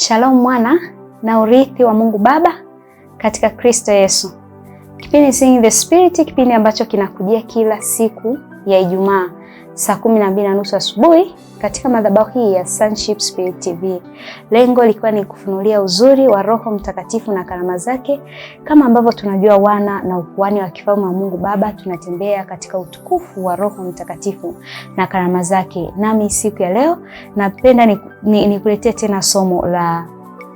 Shalom mwana na urithi wa Mungu Baba katika Kristo Yesu. Kipindi Sing the Spirit, kipindi ambacho kinakujia kila siku ya Ijumaa saa kumi na mbili na nusu asubuhi katika madhabahu hii ya Sonship Spirit TV. Lengo likiwa ni kufunulia uzuri wa Roho Mtakatifu na karama zake. Kama ambavyo tunajua wana na ukuani wa kifalme wa Mungu Baba, tunatembea katika utukufu wa Roho Mtakatifu na karama zake. Nami siku ya leo napenda nikuletee ni, ni tena somo la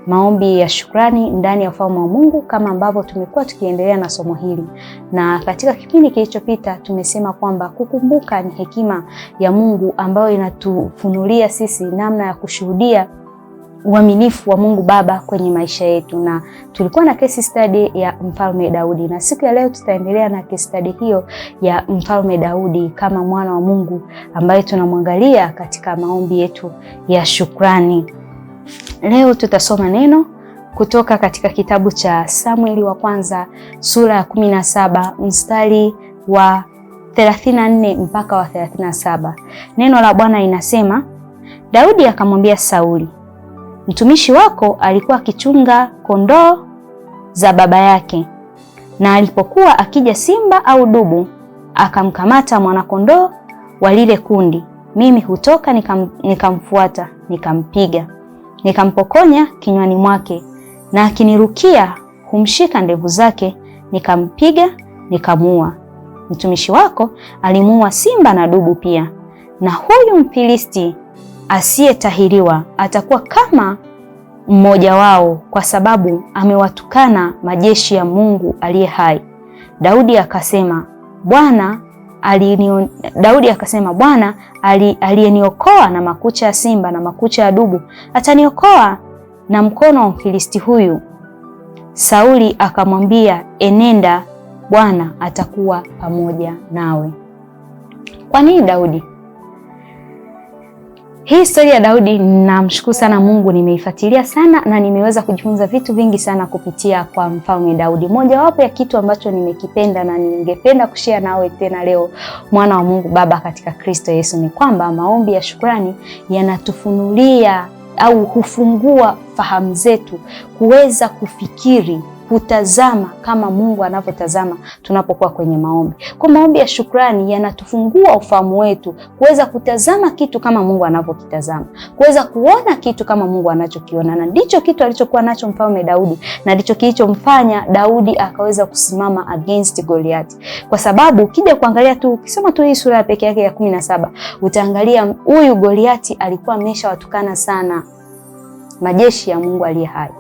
maombi ya shukrani ndani ya ufalme wa Mungu, kama ambavyo tumekuwa tukiendelea na somo hili. Na katika kipindi kilichopita tumesema kwamba kukumbuka ni hekima ya Mungu ambayo inatufunulia sisi namna ya kushuhudia uaminifu wa Mungu Baba kwenye maisha yetu, na tulikuwa na case study ya Mfalme Daudi, na siku ya leo tutaendelea na case study hiyo ya Mfalme Daudi kama mwana wa Mungu ambaye tunamwangalia katika maombi yetu ya shukrani. Leo tutasoma neno kutoka katika kitabu cha Samueli wa kwanza sura ya 17 mstari wa 34 mpaka wa 37. Neno la Bwana inasema, Daudi akamwambia Sauli, mtumishi wako alikuwa akichunga kondoo za baba yake, na alipokuwa akija simba au dubu akamkamata mwanakondoo wa lile kundi, mimi hutoka nikam, nikamfuata nikampiga nikampokonya kinywani mwake, na akinirukia humshika ndevu zake, nikampiga nikamuua. Mtumishi wako alimuua simba na dubu pia, na huyu Mfilisti asiyetahiriwa atakuwa kama mmoja wao, kwa sababu amewatukana majeshi ya Mungu aliye hai. Daudi akasema, Bwana alini, Daudi akasema Bwana aliyeniokoa na makucha ya simba na makucha ya dubu ataniokoa na mkono wa Mfilisti huyu. Sauli akamwambia, enenda, Bwana atakuwa pamoja nawe. Kwa nini Daudi hii historia ya Daudi namshukuru sana Mungu, nimeifuatilia sana na nimeweza kujifunza vitu vingi sana kupitia kwa mfalme Daudi. Mojawapo ya kitu ambacho nimekipenda na ningependa kushia nawe tena leo, mwana wa Mungu Baba katika Kristo Yesu, ni kwamba maombi ya shukrani yanatufunulia au hufungua fahamu zetu kuweza kufikiri hutazama kama Mungu anavyotazama tunapokuwa kwenye maombi. Kwa maombi ya shukrani yanatufungua ufahamu wetu kuweza kutazama kitu kama Mungu anavyokitazama, kuweza kuona kitu kama Mungu anachokiona, na ndicho kitu alichokuwa nacho mfalme Daudi na ndicho kilichomfanya Daudi akaweza kusimama against Goliath, kwa sababu ukija kuangalia tu, ukisoma tu hii sura ya peke yake ya 17 utaangalia huyu Goliath alikuwa ameshawatukana sana majeshi ya Mungu aliye hai,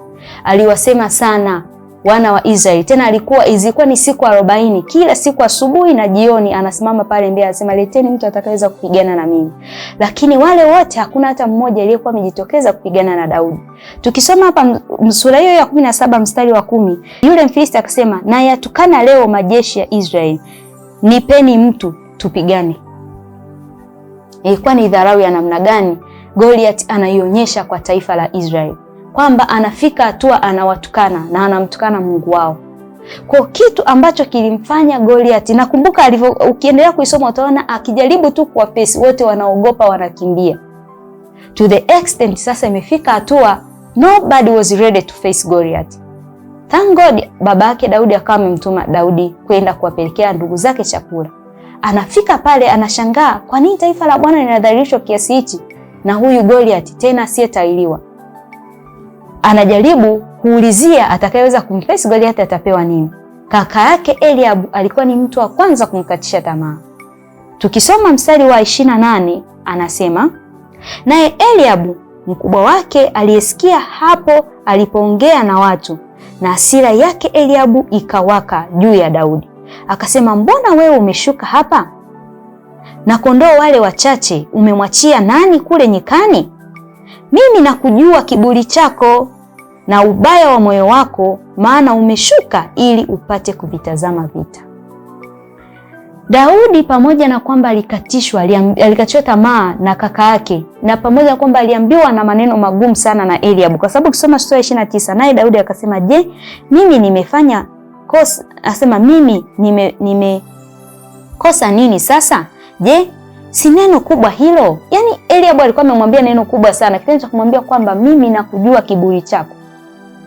aliwasema sana wana wa Israeli. Tena alikuwa izikuwa ni siku arobaini, kila siku asubuhi na jioni anasimama pale mbele anasema, leteni mtu atakayeweza kupigana na mimi. Lakini wale wote hakuna hata mmoja aliyekuwa amejitokeza kupigana na Daudi. Tukisoma hapa sura hiyo ya 17 mstari wa kumi, yule Mfilisti akasema, na yatukana leo majeshi ya Israeli, nipeni mtu tupigane. Ilikuwa ni dharau ya namna gani Goliath anaionyesha kwa taifa la Israeli kwamba anafika hatua anawatukana na anamtukana Mungu wao kwa kitu ambacho kilimfanya Goliati. Nakumbuka alivyo, ukiendelea kuisoma utaona akijaribu tu kwa pesi, wote wanaogopa, wanakimbia to the extent. Sasa imefika hatua nobody was ready to face Goliath. Thank God baba yake Daudi akawa amemtuma Daudi kwenda kuwapelekea ndugu zake chakula. Anafika pale anashangaa, kwa nini taifa la Bwana linadhalilishwa kiasi hichi na huyu Goliath tena asiyetahiriwa? anajaribu kuulizia atakayeweza kumface Goliathi atapewa nini. Kaka yake eliab alikuwa ni mtu wa kwanza kumkatisha tamaa. Tukisoma mstari wa ishirini nane anasema naye Eliabu mkubwa wake aliyesikia hapo alipoongea na watu, na hasira yake Eliabu ikawaka juu ya Daudi, akasema, mbona wewe umeshuka hapa na kondoo wale wachache umemwachia nani kule nyikani? mimi nakujua kiburi chako na ubaya wa moyo wako, maana umeshuka ili upate kuvitazama vita. Daudi pamoja na kwamba alikatishwa, alikatishwa tamaa na kaka yake, na pamoja na kwamba aliambiwa na maneno magumu sana na Eliabu, kwa sababu ukisoma sura ya 29 naye Daudi akasema, je, mimi nimefanya kosa? Asema mimi nimekosa nime nini sasa? Je, si neno kubwa hilo? Yaani Eliab alikuwa amemwambia neno kubwa sana, kitendo cha kumwambia kwamba mimi nakujua kiburi chako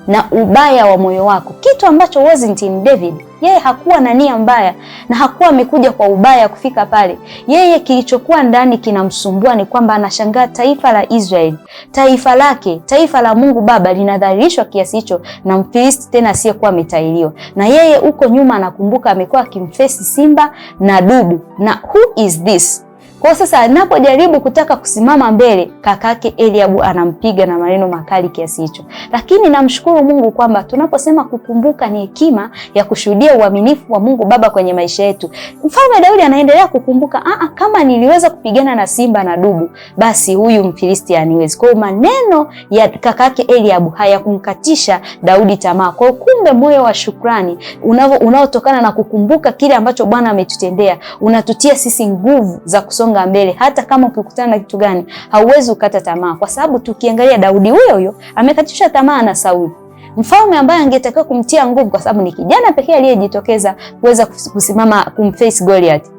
na ubaya wa moyo wako, kitu ambacho wasn't in David. Yeye hakuwa na nia mbaya na hakuwa amekuja kwa ubaya kufika pale. Yeye kilichokuwa ndani kinamsumbua ni kwamba anashangaa taifa la Israeli, taifa lake, taifa la Mungu Baba linadhalilishwa kiasi hicho na Mfilisti tena asiyekuwa ametailiwa. Na yeye huko nyuma anakumbuka amekuwa akimfesi simba na dubu, na who is this kwa sasa anapojaribu kutaka kusimama mbele, kakake Eliabu anampiga na maneno makali kiasi hicho. Lakini namshukuru Mungu kwamba tunaposema kukumbuka ni hekima ya kushuhudia uaminifu wa Mungu Baba kwenye maisha yetu. Mfalme Daudi anaendelea kukumbuka, ah, ah kama niliweza kupigana na simba na dubu, basi huyu Mfilisti aniwezi. Kwa hiyo maneno ya kakake Eliabu hayakumkatisha Daudi tamaa. Kwa kumbe, moyo wa shukrani unao unaotokana na kukumbuka kile ambacho Bwana ametutendea unatutia sisi nguvu za kusoma kusonga mbele, hata kama ukikutana na kitu gani, hauwezi ukata tamaa, kwa sababu tukiangalia Daudi huyo huyo amekatisha tamaa na Sauli, mfalme ambaye angetakiwa kumtia nguvu, kwa sababu ni kijana pekee aliyejitokeza kuweza kusimama kumface Goliath.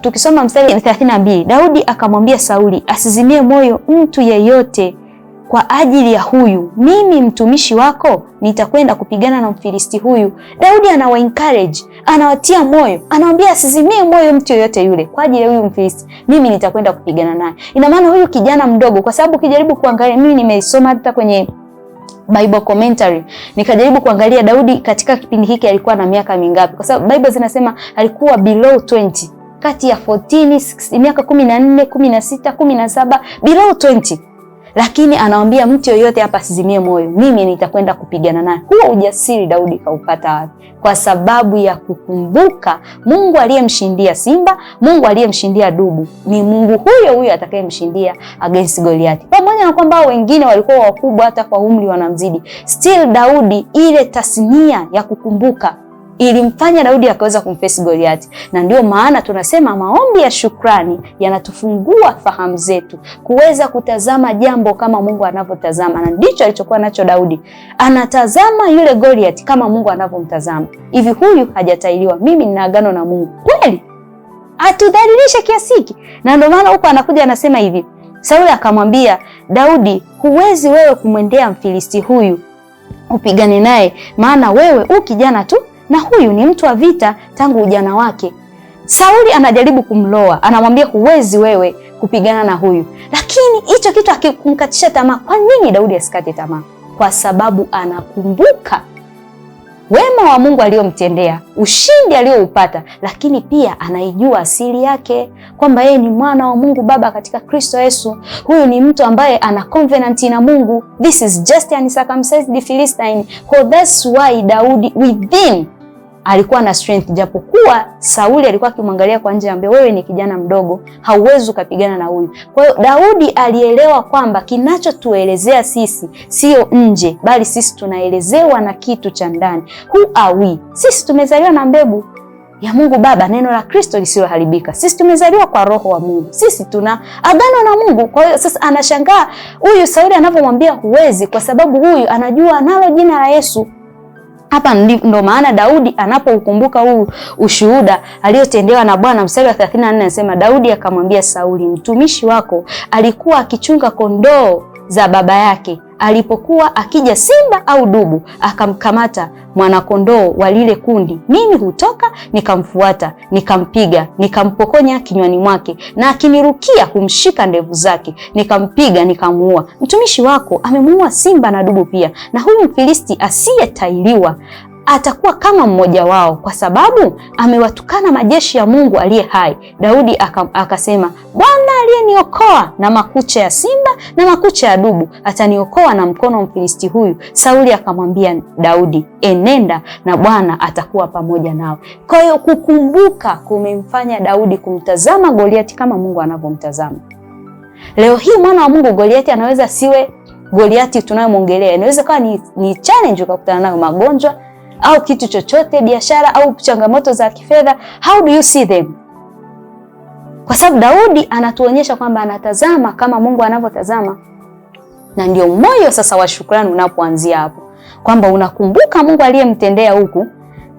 tukisoma mstari 32 Daudi akamwambia Sauli, asizimie moyo mtu yeyote kwa ajili ya huyu mimi mtumishi wako nitakwenda kupigana na Mfilisti huyu. Daudi anawa encourage, anawatia moyo, anawaambia asizimie moyo mtu yoyote yule, kwa ajili ya huyu Mfilisti mimi nitakwenda kupigana naye. Ina maana huyu kijana mdogo, kwa sababu kijaribu kuangalia, mimi nimeisoma hata kwenye Bible commentary nikajaribu kuangalia Daudi katika kipindi hiki alikuwa na miaka mingapi, kwa sababu Bible zinasema alikuwa below 20 kati ya 14 16, miaka 14 16 17 below 20 lakini anawambia mtu yoyote hapa asizimie moyo, mimi nitakwenda kupigana naye. Huo ujasiri Daudi kaupata wapi? Kwa sababu ya kukumbuka Mungu aliyemshindia simba, Mungu aliyemshindia dubu ni Mungu huyo huyo atakayemshindia against Goliati. Pamoja na kwamba wengine walikuwa wakubwa hata kwa umri wanamzidi, still Daudi ile tasnia ya kukumbuka ilimfanya Daudi akaweza kumfesi Goliati, na ndio maana tunasema maombi ya shukrani yanatufungua fahamu zetu kuweza kutazama jambo kama Mungu anavyotazama, na ndicho alichokuwa nacho Daudi. Anatazama yule Goliati kama Mungu anavyomtazama. Hivi huyu hajatailiwa? Mimi nina agano na Mungu kweli, atudhalilishe kiasi hiki? Na ndio maana huko anakuja anasema hivi, Sauli akamwambia Daudi, huwezi wewe kumwendea Mfilisti huyu upigane naye, maana wewe u kijana tu na huyu ni mtu wa vita tangu ujana wake. Sauli anajaribu kumloa, anamwambia huwezi wewe kupigana na huyu, lakini hicho kitu akikumkatisha tamaa. Kwa nini Daudi asikate tamaa? Kwa sababu anakumbuka wema wa Mungu aliyomtendea, ushindi aliyoupata, lakini pia anaijua asili yake kwamba yeye ni mwana wa Mungu Baba katika Kristo Yesu. Huyu ni mtu ambaye ana covenant na Mungu. This is just an uncircumcised Philistine. So that's why Daudi within alikuwa na strength, japokuwa Sauli alikuwa akimwangalia kwa nje, ambaye wewe ni kijana mdogo, hauwezi ukapigana na huyu. Kwa hiyo Daudi alielewa kwamba kinachotuelezea sisi sio nje, bali sisi tunaelezewa na kitu cha ndani. Who are we? Sisi tumezaliwa na mbegu ya Mungu Baba, neno la Kristo lisiloharibika. Sisi tumezaliwa kwa Roho wa Mungu, sisi tuna agano na Mungu. Kwa hiyo sasa anashangaa huyu Sauli anapomwambia huwezi, kwa sababu huyu anajua analo jina la Yesu. Hapa ndo maana Daudi anapoukumbuka huu ushuhuda aliyotendewa na Bwana, mstari wa 34 anasema, Daudi akamwambia Sauli, mtumishi wako alikuwa akichunga kondoo za baba yake alipokuwa akija simba au dubu akamkamata mwanakondoo wa lile kundi, mimi hutoka nikamfuata, nikampiga, nikampokonya kinywani mwake, na akinirukia humshika ndevu zake, nikampiga, nikamuua. Mtumishi wako amemuua simba na dubu pia, na huyu Mfilisti asiyetailiwa atakuwa kama mmoja wao, kwa sababu amewatukana majeshi ya Mungu aliye hai. Daudi akasema, Bwana aliyeniokoa na makucha ya simba na makucha ya dubu ataniokoa na mkono wa Mfilisti huyu. Sauli akamwambia Daudi, enenda na Bwana atakuwa pamoja nawe. Kwa hiyo kukumbuka kumemfanya Daudi kumtazama Goliati kama Mungu anavyomtazama. Leo hii mwana wa Mungu, Goliati anaweza siwe Goliati tunayomwongelea, inaweza kuwa ni, ni challenge ukakutana nayo, magonjwa au kitu chochote, biashara au changamoto za kifedha. How do you see them? kwa sababu Daudi anatuonyesha kwamba anatazama kama Mungu anavyotazama, na ndio moyo sasa wa shukrani unapoanzia hapo, kwamba unakumbuka Mungu aliyemtendea huku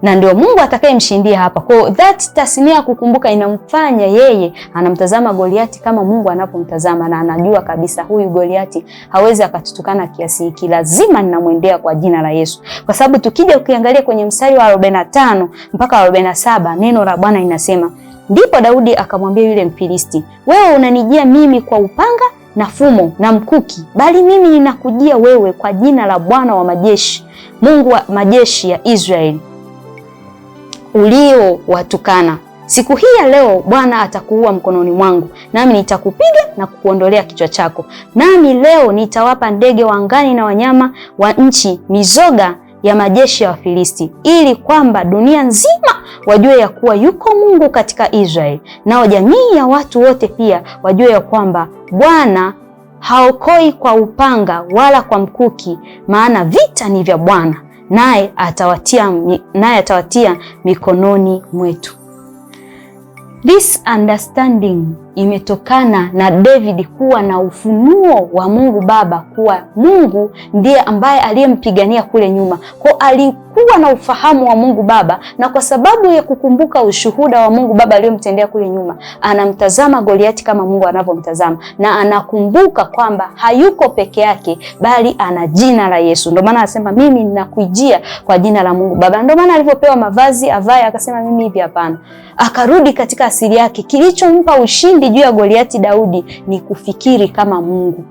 na ndio Mungu atakayemshindia hapa. Kwa that tasnia ya kukumbuka inamfanya yeye anamtazama Goliati kama Mungu anapomtazama, na anajua kabisa huyu Goliati hawezi akatutukana kiasi hiki, lazima ninamwendea kwa jina la Yesu, kwa sababu tukija ukiangalia kwenye mstari wa 45 mpaka 47 neno la Bwana inasema, Ndipo Daudi akamwambia yule Mfilisti, wewe unanijia mimi kwa upanga na fumo na mkuki, bali mimi ninakujia wewe kwa jina la Bwana wa majeshi, Mungu wa majeshi ya Israeli uliowatukana. Siku hii ya leo Bwana atakuua mkononi mwangu, nami nitakupiga na kukuondolea kichwa chako. Nami leo nitawapa ndege wa angani na wanyama wa nchi mizoga ya majeshi ya Wafilisti, ili kwamba dunia nzima wajue ya kuwa yuko Mungu katika Israeli, nao jamii ya watu wote pia wajue ya kwamba Bwana haokoi kwa upanga wala kwa mkuki, maana vita ni vya Bwana, naye atawatia, naye atawatia mikononi mwetu. This understanding imetokana na David kuwa na ufunuo wa Mungu Baba kuwa Mungu ndiye ambaye aliyempigania kule nyuma. Kwa ali kuwa na ufahamu wa Mungu Baba, na kwa sababu ya kukumbuka ushuhuda wa Mungu Baba aliyomtendea kule nyuma, anamtazama Goliati kama Mungu anavyomtazama, na anakumbuka kwamba hayuko peke yake, bali ana jina la Yesu. Ndio maana anasema mimi ninakujia kwa jina la Mungu Baba. Ndio maana alipopewa mavazi avaye akasema mimi hivi hapana, akarudi katika asili yake. Kilichompa ushindi juu ya Goliati Daudi ni kufikiri kama Mungu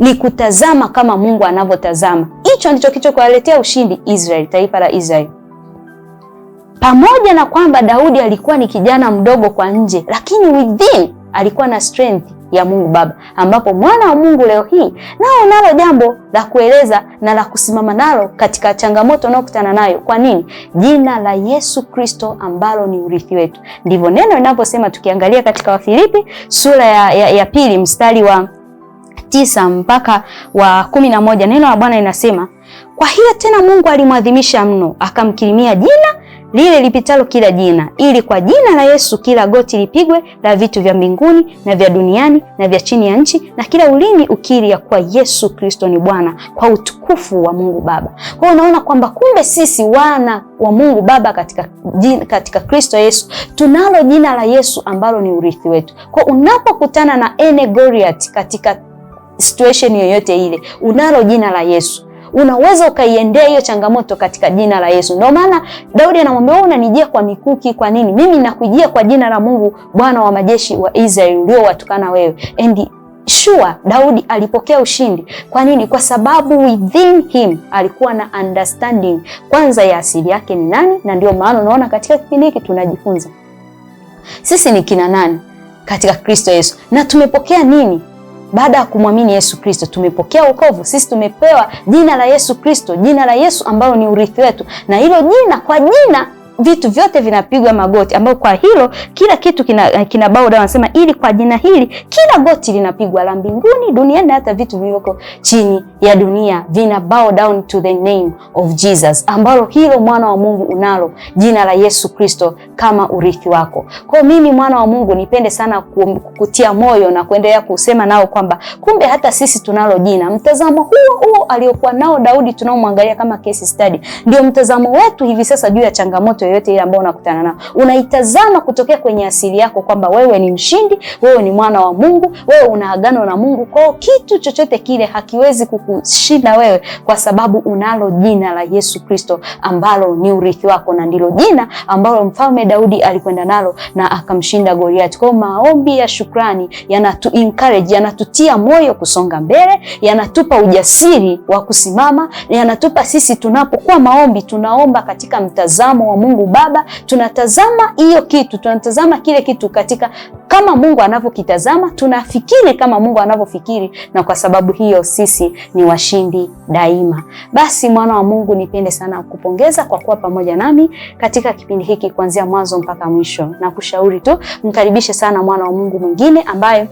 ni kutazama kama Mungu anavyotazama. Hicho ndicho kilichowaletea ushindi Israeli, taifa la Israeli. Pamoja na kwamba Daudi alikuwa ni kijana mdogo kwa nje, lakini within alikuwa na strength ya Mungu Baba, ambapo mwana wa Mungu leo hii nao nalo jambo la kueleza na la kusimama nalo katika changamoto unayokutana nayo. Kwa nini? Jina la Yesu Kristo ambalo ni urithi wetu, ndivyo neno linavyosema. Tukiangalia katika Wafilipi sura ya, ya, ya pili mstari wa tisa mpaka wa kumi na moja neno la Bwana linasema, kwa hiyo tena Mungu alimwadhimisha mno, akamkirimia jina lile lipitalo kila jina, ili kwa jina la Yesu kila goti lipigwe, la vitu vya mbinguni na vya duniani na vya chini ya nchi, na kila ulimi ukiri ya kuwa Yesu Kristo ni Bwana, kwa utukufu wa Mungu Baba. Kwa hiyo unaona kwamba kumbe sisi wana wa Mungu Baba katika jina, katika Kristo Yesu tunalo jina la Yesu ambalo ni urithi wetu. Kwa unapokutana na ene katika situation yoyote ile, unalo jina la Yesu unaweza ukaiendea hiyo changamoto katika jina la Yesu. Ndio maana Daudi anamwambia wewe, unanijia kwa mikuki, kwa nini? Mimi nakujia kwa jina la Mungu, Bwana wa majeshi wa Israeli, uliowatukana wewe. And sure Daudi alipokea ushindi. Kwa nini? Kwa sababu within him alikuwa na understanding kwanza ya asili yake ni nani, na ndio maana unaona katika kipindi hiki tunajifunza sisi ni kina nani katika Kristo Yesu na tumepokea nini baada ya kumwamini Yesu Kristo tumepokea wokovu. Sisi tumepewa jina la Yesu Kristo, jina la Yesu ambalo ni urithi wetu, na hilo jina kwa jina vitu vyote vinapigwa magoti, ambao kwa hilo kila kitu kina, kina bow Anasema ili kwa jina hili kila goti linapigwa, la mbinguni, duniani hata vitu vilivyoko chini ya dunia vina bow down to the name of Jesus, ambalo hilo mwana wa Mungu unalo jina la Yesu Kristo kama urithi wako. Kwa mimi mwana wa Mungu nipende sana kukutia moyo na kuendelea kusema nao kwamba kumbe hata sisi tunalo jina. Mtazamo huo huo aliokuwa nao Daudi tunaomwangalia kama case study, ndio mtazamo wetu hivi sasa juu ya changamoto changamoto yoyote ile ambayo unakutana nayo, unaitazama kutokea kwenye asili yako kwamba wewe ni mshindi, wewe ni mwana wa Mungu, wewe una agano na Mungu. Kwao kitu chochote kile hakiwezi kukushinda wewe, kwa sababu unalo jina la Yesu Kristo ambalo ni urithi wako na ndilo jina ambalo mfalme Daudi alikwenda nalo na akamshinda Goliath. Kwa maombi ya shukrani yanatu encourage, yanatutia moyo kusonga mbele, yanatupa ujasiri wa kusimama, yanatupa sisi tunapokuwa maombi tunaomba katika mtazamo wa Mungu Mungu Baba, tunatazama hiyo kitu, tunatazama kile kitu katika kama Mungu anavyokitazama, tunafikiri kama Mungu anavyofikiri, na kwa sababu hiyo sisi ni washindi daima. Basi mwana wa Mungu, nipende sana kupongeza kwa kuwa pamoja nami katika kipindi hiki kuanzia mwanzo mpaka mwisho, na kushauri tu mkaribishe sana mwana wa Mungu mwingine ambaye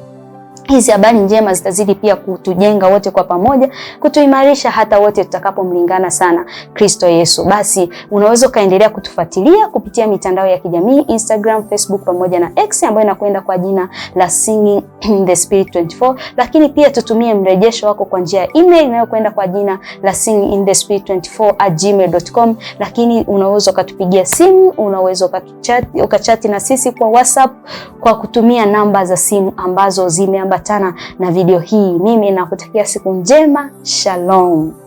hizi habari njema zitazidi pia kutujenga wote kwa pamoja, kutuimarisha hata wote tutakapomlingana sana Kristo Yesu. Basi unaweza ukaendelea kutufuatilia kupitia mitandao ya kijamii Instagram, Facebook pamoja na X ambayo inakwenda kwa jina la Singing in the Spirit 24, lakini pia tutumie mrejesho wako kwa njia ya email inayokwenda kwa jina la Singing in the Spirit 24 gmail.com. lakini unaweza ukatupigia simu, unaweza ukachati, ukachati na sisi kwa WhatsApp kwa kutumia namba za simu ambazo zime kuambatana na video hii. Mimi nakutakia siku njema. Shalom.